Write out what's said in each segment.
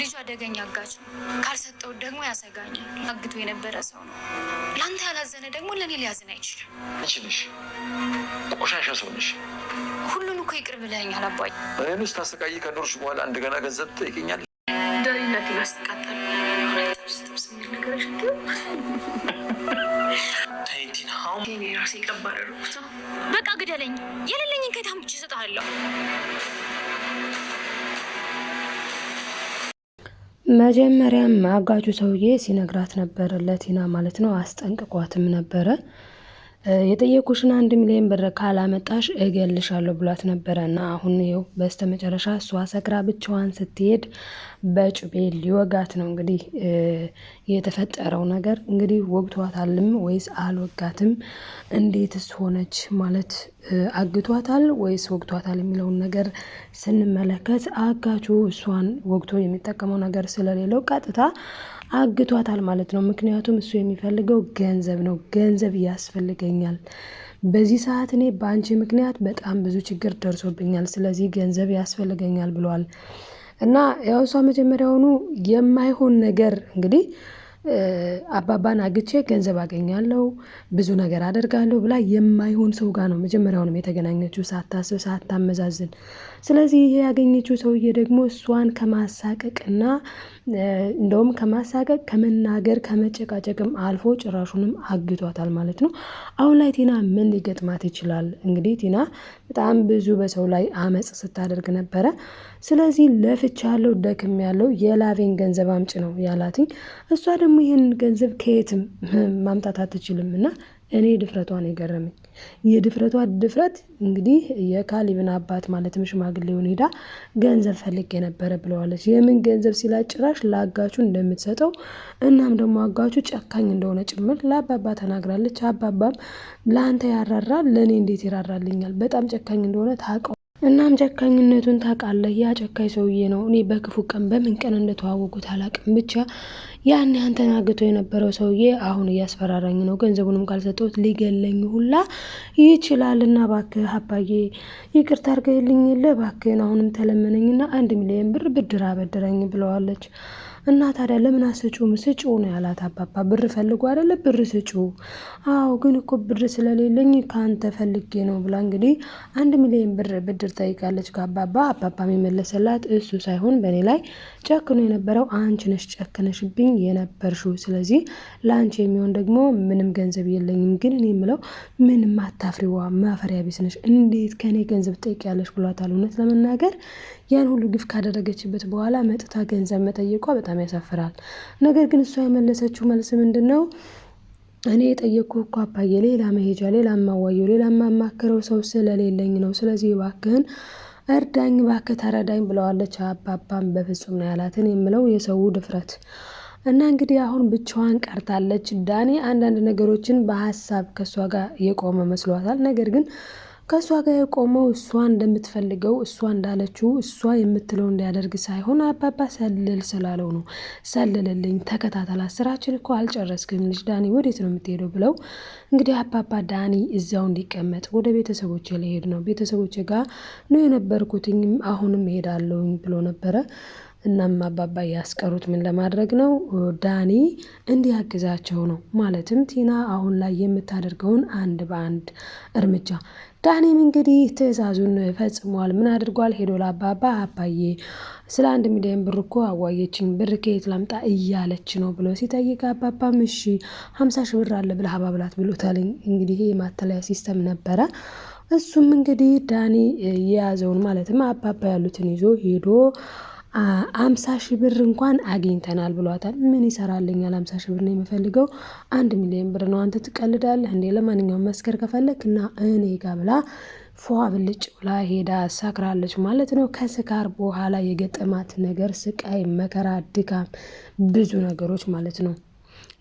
ልጁ አደገኛ አጋች ነው። ካልሰጠው ደግሞ ያሰጋኛል። አግቶ የነበረ ሰው ነው። ለአንተ ያላዘነ ደግሞ ለእኔ ሊያዝን አይችልም። ቆሻሻ ሰው ነሽ። ሁሉን እኮ ይቅር ብለኸኛል አባዬ። እኔን ውስጥ ታሰቃይ ከኖርሽ በኋላ እንደገና ገንዘብ ትጠይቀኛል። ደሪነትን አስተቃጠል በቃ ግደለኝ። የሌለኝን ከታምች ይሰጣለሁ መጀመሪያም አጋጁ ሰውዬ ሲነግራት ነበር ለቲና ማለት ነው። አስጠንቅቋትም ነበረ የጠየቁሽን አንድ ሚሊዮን ብር ካላመጣሽ እገልሻለሁ ብሏት እና አሁን ይኸው በስተመጨረሻ እሷ ሰክራ ብቻዋን ስትሄድ በጩቤ ሊወጋት ነው። እንግዲህ የተፈጠረው ነገር እንግዲህ ወግቷታልም ወይስ አልወጋትም? እንዴትስ ሆነች ማለት አግቷታል ወይስ ወግቷታል የሚለውን ነገር ስንመለከት አጋቹ እሷን ወግቶ የሚጠቀመው ነገር ስለሌለው ቀጥታ አግቷታል ማለት ነው። ምክንያቱም እሱ የሚፈልገው ገንዘብ ነው። ገንዘብ ያስፈልገኛል፣ በዚህ ሰዓት እኔ በአንቺ ምክንያት በጣም ብዙ ችግር ደርሶብኛል፣ ስለዚህ ገንዘብ ያስፈልገኛል ብለዋል እና ያው እሷ መጀመሪያውኑ የማይሆን ነገር እንግዲህ አባባን አግቼ ገንዘብ አገኛለሁ ብዙ ነገር አደርጋለሁ ብላ የማይሆን ሰው ጋር ነው መጀመሪያውንም የተገናኘችው ሳታስብ ሳታመዛዝን። ስለዚህ ይሄ ያገኘችው ሰውዬ ደግሞ እሷን ከማሳቀቅና እንደውም ከማሳቀቅ ከመናገር ከመጨቃጨቅም አልፎ ጭራሹንም አግቷታል ማለት ነው። አሁን ላይ ቲና ምን ሊገጥማት ይችላል? እንግዲህ ቲና በጣም ብዙ በሰው ላይ አመፅ ስታደርግ ነበረ። ስለዚህ ለፍቻለሁ፣ ደክም ያለው የላቬን ገንዘብ አምጭ ነው ያላትኝ። እሷ ደግሞ ይህን ገንዘብ ከየትም ማምጣት አትችልም እና እኔ ድፍረቷ ነው የገረመኝ። የድፍረቷ ድፍረት እንግዲህ የካሊብን አባት ማለትም ሽማግሌውን ሄዳ ገንዘብ ፈልግ የነበረ ብለዋለች። የምን ገንዘብ ሲላት ጭራሽ ለአጋቹ እንደምትሰጠው እናም ደግሞ አጋቹ ጨካኝ እንደሆነ ጭምር ለአባባ ተናግራለች። አባባም ለአንተ ያራራል ለእኔ እንዴት ይራራልኛል? በጣም ጨካኝ እንደሆነ ታውቀው እናም ጨካኝነቱን ታውቃለህ። ያ ጨካኝ ሰውዬ ነው። እኔ በክፉ ቀን በምን ቀን እንደተዋወቁት አላውቅም። ብቻ ያን ያንተን አግቶ የነበረው ሰውዬ አሁን እያስፈራራኝ ነው። ገንዘቡንም ካልሰጠሁት ሊገለኝ ሁላ ይችላል። እና እባክህ አባዬ ይቅርታ አድርገህልኝ የለ እባክህን አሁንም ተለመነኝና አንድ ሚሊዮን ብር ብድር አበድረኝ ብለዋለች። እና ታዲያ ለምን አስጩም ስጩ ነው ያላት። አባባ ብር ፈልጎ አይደለ ብር ስጩ። አዎ ግን እኮ ብር ስለሌለኝ ከአንተ ፈልጌ ነው ብላ እንግዲህ አንድ ሚሊዮን ብር ብድር ጠይቃለች ከአባባ። አባባ የመለሰላት እሱ ሳይሆን በእኔ ላይ ጨክኖ የነበረው አንቺ ነሽ ጨክነሽብኝ የነበርሽው። ስለዚህ ለአንቺ የሚሆን ደግሞ ምንም ገንዘብ የለኝም። ግን እኔ የምለው ምንም አታፍሪዋ፣ ማፈሪያ ቢስ ነሽ። እንዴት ከእኔ ገንዘብ ጠይቂያለሽ ብሏታል። እውነት ለመናገር ያን ሁሉ ግፍ ካደረገችበት በኋላ መጥታ ገንዘብ መጠየቋ በጣም ያሳፍራል። ነገር ግን እሷ የመለሰችው መልስ ምንድን ነው? እኔ የጠየቅኩ እኮ አባዬ ሌላ መሄጃ፣ ሌላ ማዋየው፣ ሌላ ማማክረው ሰው ስለሌለኝ ነው። ስለዚህ እባክህን እርዳኝ፣ እባክህ ተረዳኝ ብለዋለች። አባባም በፍጹም ነው ያላትን የምለው የሰው ድፍረት እና እንግዲህ አሁን ብቻዋን ቀርታለች። ዳኔ አንዳንድ ነገሮችን በሀሳብ ከእሷ ጋር የቆመ መስሏታል። ነገር ግን ከእሷ ጋር የቆመው እሷ እንደምትፈልገው እሷ እንዳለችው እሷ የምትለው እንዲያደርግ ሳይሆን አባባ ሰልል ስላለው ነው። ሰልልልኝ፣ ተከታተላት፣ ስራችን እኮ አልጨረስክም ልጅ ዳኒ ወዴት ነው የምትሄደው? ብለው እንግዲህ አባባ ዳኒ እዛው እንዲቀመጥ ወደ ቤተሰቦች ሊሄድ ነው፣ ቤተሰቦች ጋር ነው የነበርኩትኝም አሁንም እሄዳለሁኝ ብሎ ነበረ። እናም አባባ ያስቀሩት ምን ለማድረግ ነው? ዳኒ እንዲያግዛቸው ነው። ማለትም ቲና አሁን ላይ የምታደርገውን አንድ በአንድ እርምጃ ጋኔም እንግዲህ ትዕዛዙን ፈጽሟል። ምን አድርጓል? ሄዶ ለአባባ አባዬ ስለ አንድ ሚሊዮን ብር እኮ አዋየችኝ ብር ከየት ላምጣ እያለች ነው ብሎ ሲጠይቅ አባባ ምሺ ሀምሳ ሺህ ብር አለ ብለህ አባብላት ብሎታል። እንግዲህ የማተለያ ሲስተም ነበረ። እሱም እንግዲህ ዳኒ የያዘውን ማለትም አባባ ያሉትን ይዞ ሄዶ አምሳ ሺህ ብር እንኳን አግኝተናል ብሏታል። ምን ይሰራልኛል? አምሳ ሺህ ብር ነው የምፈልገው፣ አንድ ሚሊዮን ብር ነው። አንተ ትቀልዳለህ እንዴ? ለማንኛውም መስከር ከፈለክ እና እኔ ጋ ብላ ፏ ብልጭ ብላ ሄዳ ሳክራለች ማለት ነው። ከስካር በኋላ የገጠማት ነገር ስቃይ፣ መከራ፣ ድካም፣ ብዙ ነገሮች ማለት ነው።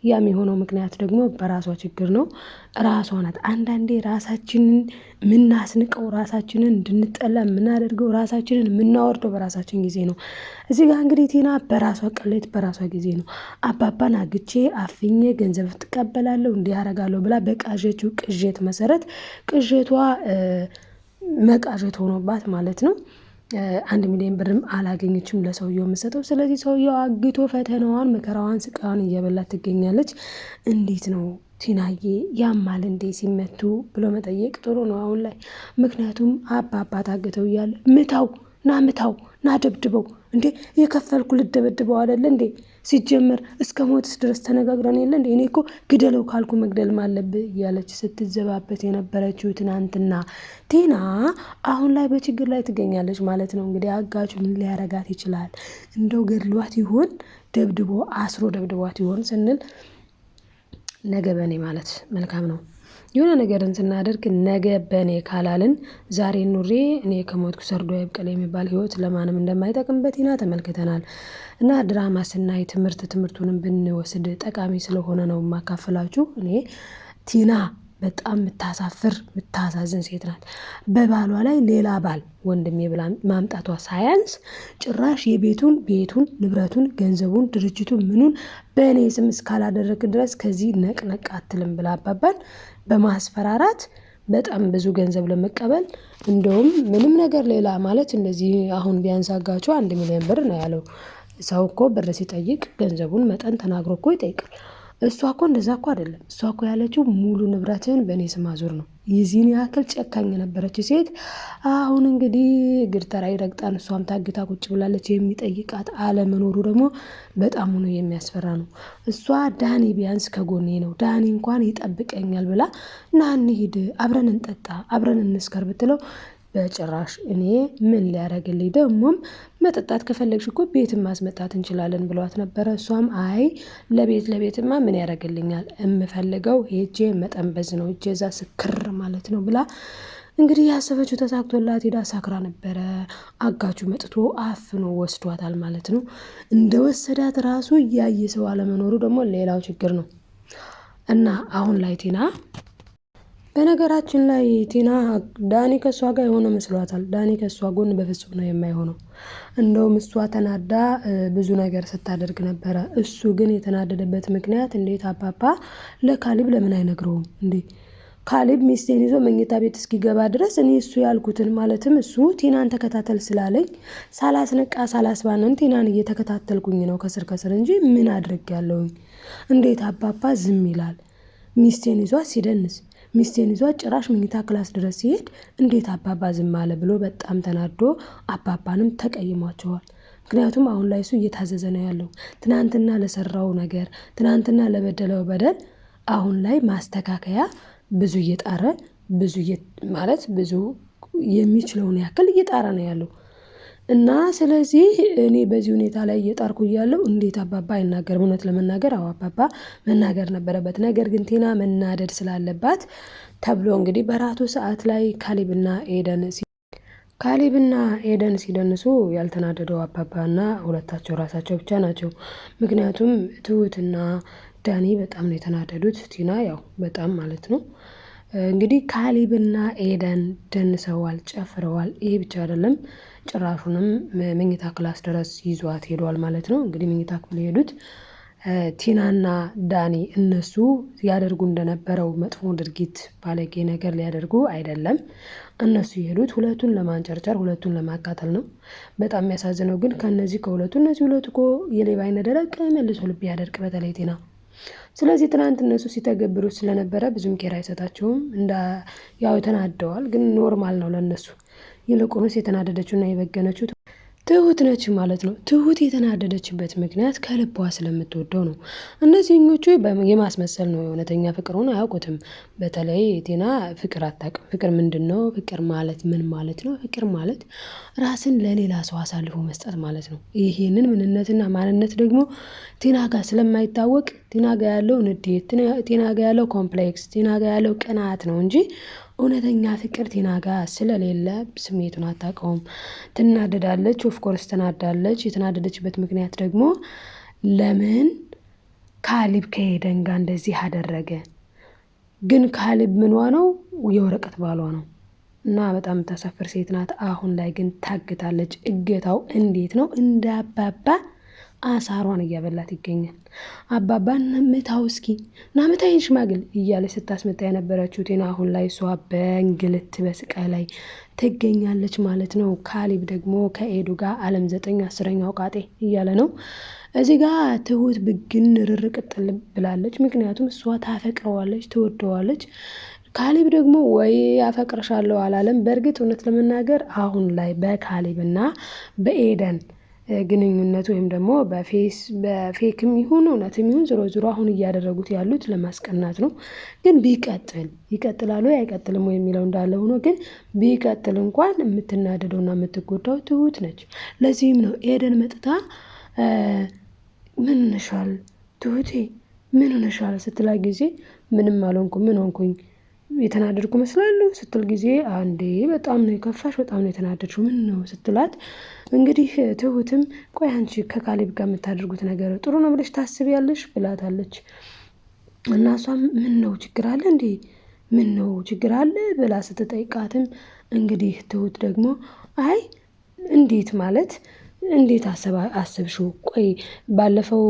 ያም የሆነው ምክንያት ደግሞ በራሷ ችግር ነው። ራሷ ናት። አንዳንዴ ራሳችንን የምናስንቀው ራሳችንን እንድንጠላ የምናደርገው ራሳችንን የምናወርደው በራሳችን ጊዜ ነው። እዚህ ጋር እንግዲህ ቲና በራሷ ቅሌት በራሷ ጊዜ ነው አባባን አግቼ አፍኜ ገንዘብ ትቀበላለሁ እንዲያረጋለሁ ብላ በቃዠችው ቅዠት መሰረት ቅዠቷ መቃዠት ሆኖባት ማለት ነው። አንድ ሚሊዮን ብርም አላገኘችም ለሰውየው የምሰጠው። ስለዚህ ሰውየው አግቶ ፈተናዋን፣ መከራዋን፣ ስቃዋን እየበላት ትገኛለች። እንዴት ነው ቲናዬ ያማል እንዴ ሲመቱ ብሎ መጠየቅ ጥሩ ነው አሁን ላይ ምክንያቱም አባት አግተው እያለ ምታው ና ምታው ና ደብድበው እንዴ የከፈልኩ ልደበድበው አይደለ እንዴ? ሲጀመር እስከ ሞትስ ድረስ ተነጋግረን የለ እንዴ? እኔ እኮ ግደለው ካልኩ መግደልም አለብህ እያለች ስትዘባበት የነበረችው ትናንትና ቴና አሁን ላይ በችግር ላይ ትገኛለች ማለት ነው። እንግዲህ አጋቹ ምን ሊያረጋት ይችላል? እንደው ገድሏት ይሆን? ደብድቦ አስሮ ደብድቧት ይሆን ስንል ነገ በእኔ ማለት መልካም ነው። የሆነ ነገርን ስናደርግ ነገ በእኔ ካላልን ዛሬ ኑሬ እኔ ከሞትኩ ሰርዶ ይብቀል የሚባል ህይወት ለማንም እንደማይጠቅም በቲና ተመልክተናል። እና ድራማ ስናይ ትምህርት ትምህርቱንም ብንወስድ ጠቃሚ ስለሆነ ነው የማካፈላችሁ። እኔ ቲና በጣም የምታሳፍር የምታሳዝን ሴት ናት። በባሏ ላይ ሌላ ባል ወንድሜ ብላ ማምጣቷ ሳያንስ ጭራሽ የቤቱን ቤቱን፣ ንብረቱን፣ ገንዘቡን፣ ድርጅቱን ምኑን በእኔ ስም እስካላደረግ ድረስ ከዚህ ነቅነቅ አትልም ብላ አባባል በማስፈራራት በጣም ብዙ ገንዘብ ለመቀበል እንደውም ምንም ነገር ሌላ ማለት እንደዚህ አሁን ቢያንሳጋቸው አንድ ሚሊዮን ብር ነው ያለው። ሰው እኮ ብር ሲጠይቅ ገንዘቡን መጠን ተናግሮ እኮ ይጠይቃል። እሷ እኮ እንደዛ እኮ አይደለም እሷ እኮ ያለችው ሙሉ ንብረትህን በእኔ ስም አዙር ነው የዚህን ያክል ጨካኝ የነበረች ሴት አሁን እንግዲህ እግር ይረግጣን፣ እሷም ታግታ ቁጭ ብላለች። የሚጠይቃት አለመኖሩ ደግሞ በጣም ሆኖ የሚያስፈራ ነው። እሷ ዳኒ ቢያንስ ከጎኔ ነው፣ ዳኒ እንኳን ይጠብቀኛል ብላ ና እንሂድ፣ አብረን እንጠጣ፣ አብረን እንስከር ብትለው በጭራሽ እኔ ምን ሊያደርግልኝ ደግሞም መጠጣት ከፈለግሽ እኮ ቤትን ማስመጣት እንችላለን ብሏት ነበረ። እሷም አይ ለቤት ለቤትማ ምን ያደርግልኛል የምፈልገው ሄጄ መጠንበዝ ነው እጄ እዛ ስክር ማለት ነው ብላ እንግዲህ ያሰበችው ተሳክቶላት ሄዳ ሳክራ ነበረ። አጋቹ መጥቶ አፍኖ ወስዷታል ማለት ነው። እንደ ወሰዳት ራሱ እያየ ሰው አለመኖሩ ደግሞ ሌላው ችግር ነው እና አሁን ላይ ቴና በነገራችን ላይ ቲና ዳኒ ከእሷ ጋር የሆነ መስሏታል። ዳኒ ከእሷ ጎን በፍጹም ነው የማይሆነው። እንደውም እሷ ተናዳ ብዙ ነገር ስታደርግ ነበረ። እሱ ግን የተናደደበት ምክንያት እንዴት አባባ ለካሊብ ለምን አይነግረውም እንዴ? ካሊብ ሚስቴን ይዞ መኝታ ቤት እስኪገባ ድረስ እኔ እሱ ያልኩትን ማለትም እሱ ቲናን ተከታተል ስላለኝ ሳላስነቃ ሳላስባንን ቲናን እየተከታተልኩኝ ነው ከስር ከስር እንጂ ምን አድርግ ያለውኝ። እንዴት አባባ ዝም ይላል? ሚስቴን ይዟ ሲደንስ ሚስቴን ይዟ ጭራሽ መኝታ ክላስ ድረስ ሲሄድ እንዴት አባባ ዝም አለ ብሎ በጣም ተናዶ አባባንም ተቀይሟቸዋል። ምክንያቱም አሁን ላይ እሱ እየታዘዘ ነው ያለው። ትናንትና ለሰራው ነገር፣ ትናንትና ለበደለው በደል አሁን ላይ ማስተካከያ ብዙ እየጣረ ብዙ ማለት ብዙ የሚችለውን ያክል እየጣረ ነው ያለው። እና ስለዚህ እኔ በዚህ ሁኔታ ላይ እየጣርኩ እያለሁ እንዴት አባባ አይናገርም? እውነት ለመናገር አዎ አባባ መናገር ነበረበት። ነገር ግን ቴና መናደድ ስላለባት ተብሎ እንግዲህ በራቱ ሰዓት ላይ ካሊብና ኤደን ካሊብና ኤደን ሲደንሱ ያልተናደደው አባባና ሁለታቸው ራሳቸው ብቻ ናቸው። ምክንያቱም ትሁትና ዳኒ በጣም ነው የተናደዱት። ቲና ያው በጣም ማለት ነው እንግዲህ ካሊብና ኤደን ደንሰዋል፣ ጨፍረዋል። ይሄ ብቻ አይደለም፣ ጭራሹንም መኝታ ክላስ ድረስ ይዟት ሄዷል ማለት ነው። እንግዲህ መኝታ ክፍል የሄዱት ቲናና ዳኒ እነሱ ያደርጉ እንደነበረው መጥፎ ድርጊት ባለጌ ነገር ሊያደርጉ አይደለም። እነሱ የሄዱት ሁለቱን ለማንጨርጨር ሁለቱን ለማቃጠል ነው። በጣም የሚያሳዝነው ግን ከነዚህ ከሁለቱ እነዚህ ሁለቱ እኮ የሌባ አይነ ደረቅ መልሶ ልብ ያደርቅ። በተለይ ቲና ስለዚህ ትናንት እነሱ ሲተገብሩት ስለነበረ ብዙም ኬር አይሰጣቸውም። እንዳ ያው ተናደዋል፣ ግን ኖርማል ነው ለእነሱ። ይልቁንስ የተናደደችውና የበገነችው ትሁት ነች ማለት ነው። ትሁት የተናደደችበት ምክንያት ከልቧ ስለምትወደው ነው። እነዚህኞቹ የማስመሰል ነው፣ የእውነተኛ ፍቅሩን አያውቁትም። በተለይ ቴና ፍቅር አታውቅም። ፍቅር ምንድን ነው? ፍቅር ማለት ምን ማለት ነው? ፍቅር ማለት ራስን ለሌላ ሰው አሳልፎ መስጠት ማለት ነው። ይሄንን ምንነትና ማንነት ደግሞ ቴና ጋር ስለማይታወቅ ቴና ጋር ያለው ንዴት፣ ቴና ጋር ያለው ኮምፕሌክስ፣ ቴና ጋር ያለው ቅናት ነው እንጂ እውነተኛ ፍቅር ቲና ስለሌለ ስሜቱን አታውቀውም። ትናደዳለች፣ ኦፍኮርስ ትናዳለች። የተናደደችበት ምክንያት ደግሞ ለምን ካሊብ ከሄደን እንደዚህ አደረገ? ግን ካሊብ ምኗ ነው? የወረቀት ባሏ ነው እና በጣም የምታሳፍር ሴት ናት። አሁን ላይ ግን ታግታለች። እገታው እንዴት ነው እንዳባባ አሳሯን እያበላት ይገኛል። አባባ ምታው እስኪ ናምታይን ሽማግል እያለች ስታስመጣ የነበረችው ቴና አሁን ላይ እሷ በእንግልት በስቃይ ላይ ትገኛለች ማለት ነው። ካሊብ ደግሞ ከኤዱ ጋር አለም ዘጠኝ አስረኛው ቃጤ እያለ ነው። እዚህ ጋር ትሁት ብግን ርርቅጥል ብላለች። ምክንያቱም እሷ ታፈቅረዋለች፣ ትወደዋለች ካሊብ ደግሞ ወይ አፈቅርሻለሁ አላለም። በእርግጥ እውነት ለመናገር አሁን ላይ በካሊብ እና በኤደን ግንኙነት ወይም ደግሞ በፌስ በፌክም ይሁን እውነትም ይሁን ዞሮ ዞሮ አሁን እያደረጉት ያሉት ለማስቀናት ነው። ግን ቢቀጥል ይቀጥላሉ አይቀጥልም ወይ የሚለው እንዳለ ሆኖ ግን ቢቀጥል እንኳን የምትናደደውና የምትጎዳው ትሁት ነች። ለዚህም ነው ኤደን መጥታ ምን ሆነሻል ትሁቴ ምን ሆነሻል ስትላ ጊዜ ምንም አልሆንኩም ምን ሆንኩኝ የተናደድኩ መስላለሁ ስትል ጊዜ አንዴ በጣም ነው የከፋሽ፣ በጣም ነው የተናደድሽው፣ ምን ነው ስትላት እንግዲህ ትሁትም ቆይ አንቺ ከካሌብ ጋር የምታደርጉት ነገር ጥሩ ነው ብለሽ ታስቢያለሽ ብላታለች። እና እሷም ምን ነው ችግር አለ እንዴ? ምን ነው ችግር አለ ብላ ስትጠይቃትም እንግዲህ ትሁት ደግሞ አይ እንዴት ማለት እንዴት አሰብሽው? ቆይ ባለፈው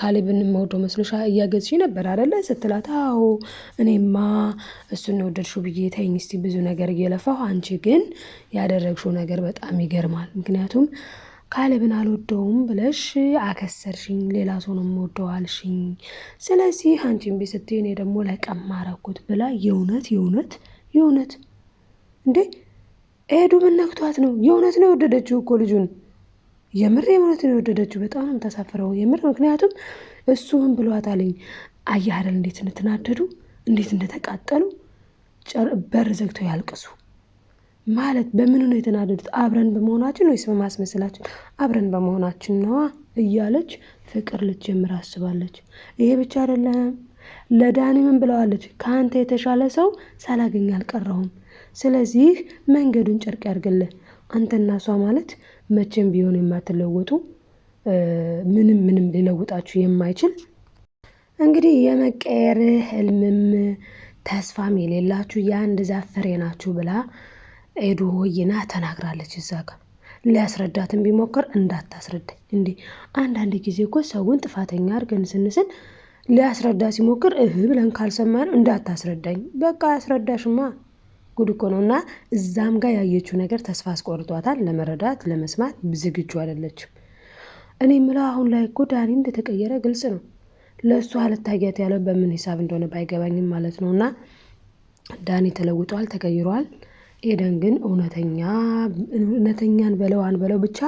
ካሌብን የምወደው መስሎሻ እያገዝሽ ነበር አደለ? ስትላት አዎ እኔማ እሱን ወደድሽው ብዬ ተይኝ እስቲ ብዙ ነገር እየለፋሁ፣ አንቺ ግን ያደረግሽው ነገር በጣም ይገርማል። ምክንያቱም ካሌብን አልወደውም ብለሽ አከሰርሽኝ፣ ሌላ ሰው ነው የምወደው አልሽኝ። ስለዚህ አንቺ እምቢ ስትይ እኔ ደግሞ ለቀም አደረኩት ብላ የእውነት የእውነት የእውነት እንዴ ኤዱ ምን ነክቷት ነው? የእውነት ነው የወደደችው እኮ ልጁን የምር የእውነትን የወደደችው በጣም ነው የምታሳፍረው። የምር ምክንያቱም እሱም ብሏታለኝ። አየህ እንዴት እንደተናደዱ እንዴት እንደተቃጠሉ በር ዘግተው ያልቅሱ ማለት በምን ነው የተናደዱት? አብረን በመሆናችን ወይስ በማስመሰላችን? አብረን በመሆናችን ነዋ እያለች ፍቅር ልትጀምር አስባለች። ይሄ ብቻ አይደለም፣ ለዳኒ ምን ብለዋለች? ከአንተ የተሻለ ሰው ሳላገኝ አልቀረሁም። ስለዚህ መንገዱን ጨርቅ ያርግልህ አንተና እሷ ማለት መቼም ቢሆን የማትለወጡ ምንም ምንም ሊለውጣችሁ የማይችል እንግዲህ የመቀየር ህልምም ተስፋም የሌላችሁ የአንድ ዛፍ ፍሬ ናችሁ ብላ ኤዱ ወይና ተናግራለች። እዛ ጋ ሊያስረዳትን ቢሞክር እንዳታስረዳኝ እንዴ! አንዳንድ ጊዜ እኮ ሰውን ጥፋተኛ አድርገን ስንስል ሊያስረዳ ሲሞክር እህ ብለን ካልሰማን እንዳታስረዳኝ፣ በቃ አስረዳሽማ ጉድ እኮ ነው። እና እዛም ጋር ያየችው ነገር ተስፋ አስቆርጧታል። ለመረዳት ለመስማት ዝግጁ አይደለችም። እኔ የምለው አሁን ላይ እኮ ዳኒ እንደተቀየረ ግልጽ ነው። ለእሱ አልታያት ያለው በምን ሂሳብ እንደሆነ ባይገባኝም ማለት ነው። እና ዳኒ ተለውጧል፣ ተቀይሯል። ኤደን ግን እውነተኛ እውነተኛን በለው አንበለው ብቻ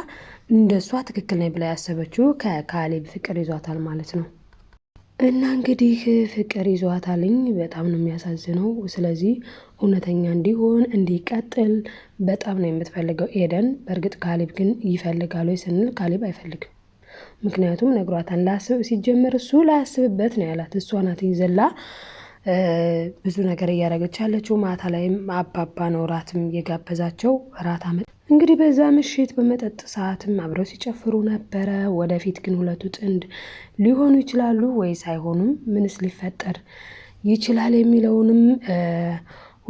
እንደሷ ትክክል ነኝ ብላ ያሰበችው ከካሌብ ፍቅር ይዟታል ማለት ነው። እና እንግዲህ ፍቅር ይዟታልኝ በጣም ነው የሚያሳዝነው። ስለዚህ እውነተኛ እንዲሆን እንዲቀጥል በጣም ነው የምትፈልገው ኤደን። በእርግጥ ካሌብ ግን ይፈልጋሉ ስንል ካሌብ አይፈልግም። ምክንያቱም ነግሯታን ላስብ ሲጀምር እሱ ላያስብበት ነው ያላት። እሷ ናት ይዘላ ብዙ ነገር እያደረገች ያለችው። ማታ ላይም አባባ ነው ራትም የጋበዛቸው ራት እራት እንግዲህ በዛ ምሽት በመጠጥ ሰዓትም አብረው ሲጨፍሩ ነበረ። ወደፊት ግን ሁለቱ ጥንድ ሊሆኑ ይችላሉ ወይስ አይሆኑም፣ ምንስ ሊፈጠር ይችላል የሚለውንም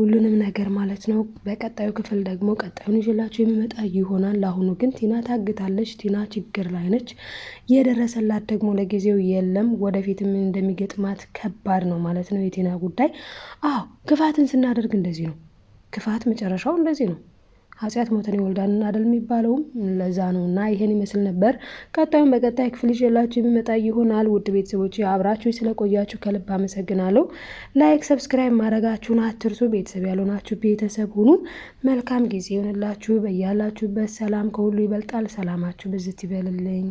ሁሉንም ነገር ማለት ነው። በቀጣዩ ክፍል ደግሞ ቀጣዩን ይዤላችሁ የሚመጣ ይሆናል። ለአሁኑ ግን ቲና ታግታለች። ቲና ችግር ላይ ነች። የደረሰላት ደግሞ ለጊዜው የለም። ወደፊት ምን እንደሚገጥማት ከባድ ነው ማለት ነው የቲና ጉዳይ። አዎ ክፋትን ስናደርግ እንደዚህ ነው። ክፋት መጨረሻው እንደዚህ ነው። ኃጢአት ሞትን ይወልዳልና አይደል የሚባለውም ለዛ ነው። እና ይሄን ይመስል ነበር። ቀጣዩን በቀጣይ ክፍል ይዤላችሁ የሚመጣ ይሆናል። ውድ ቤተሰቦች አብራችሁ ስለቆያችሁ ከልብ አመሰግናለሁ። ላይክ፣ ሰብስክራይብ ማድረጋችሁን አትርሱ። ቤተሰብ ያልሆናችሁ ቤተሰብ ሁኑ። መልካም ጊዜ ይሆንላችሁ። በያላችሁበት ሰላም ከሁሉ ይበልጣል። ሰላማችሁ ብዝት ይበልልኝ።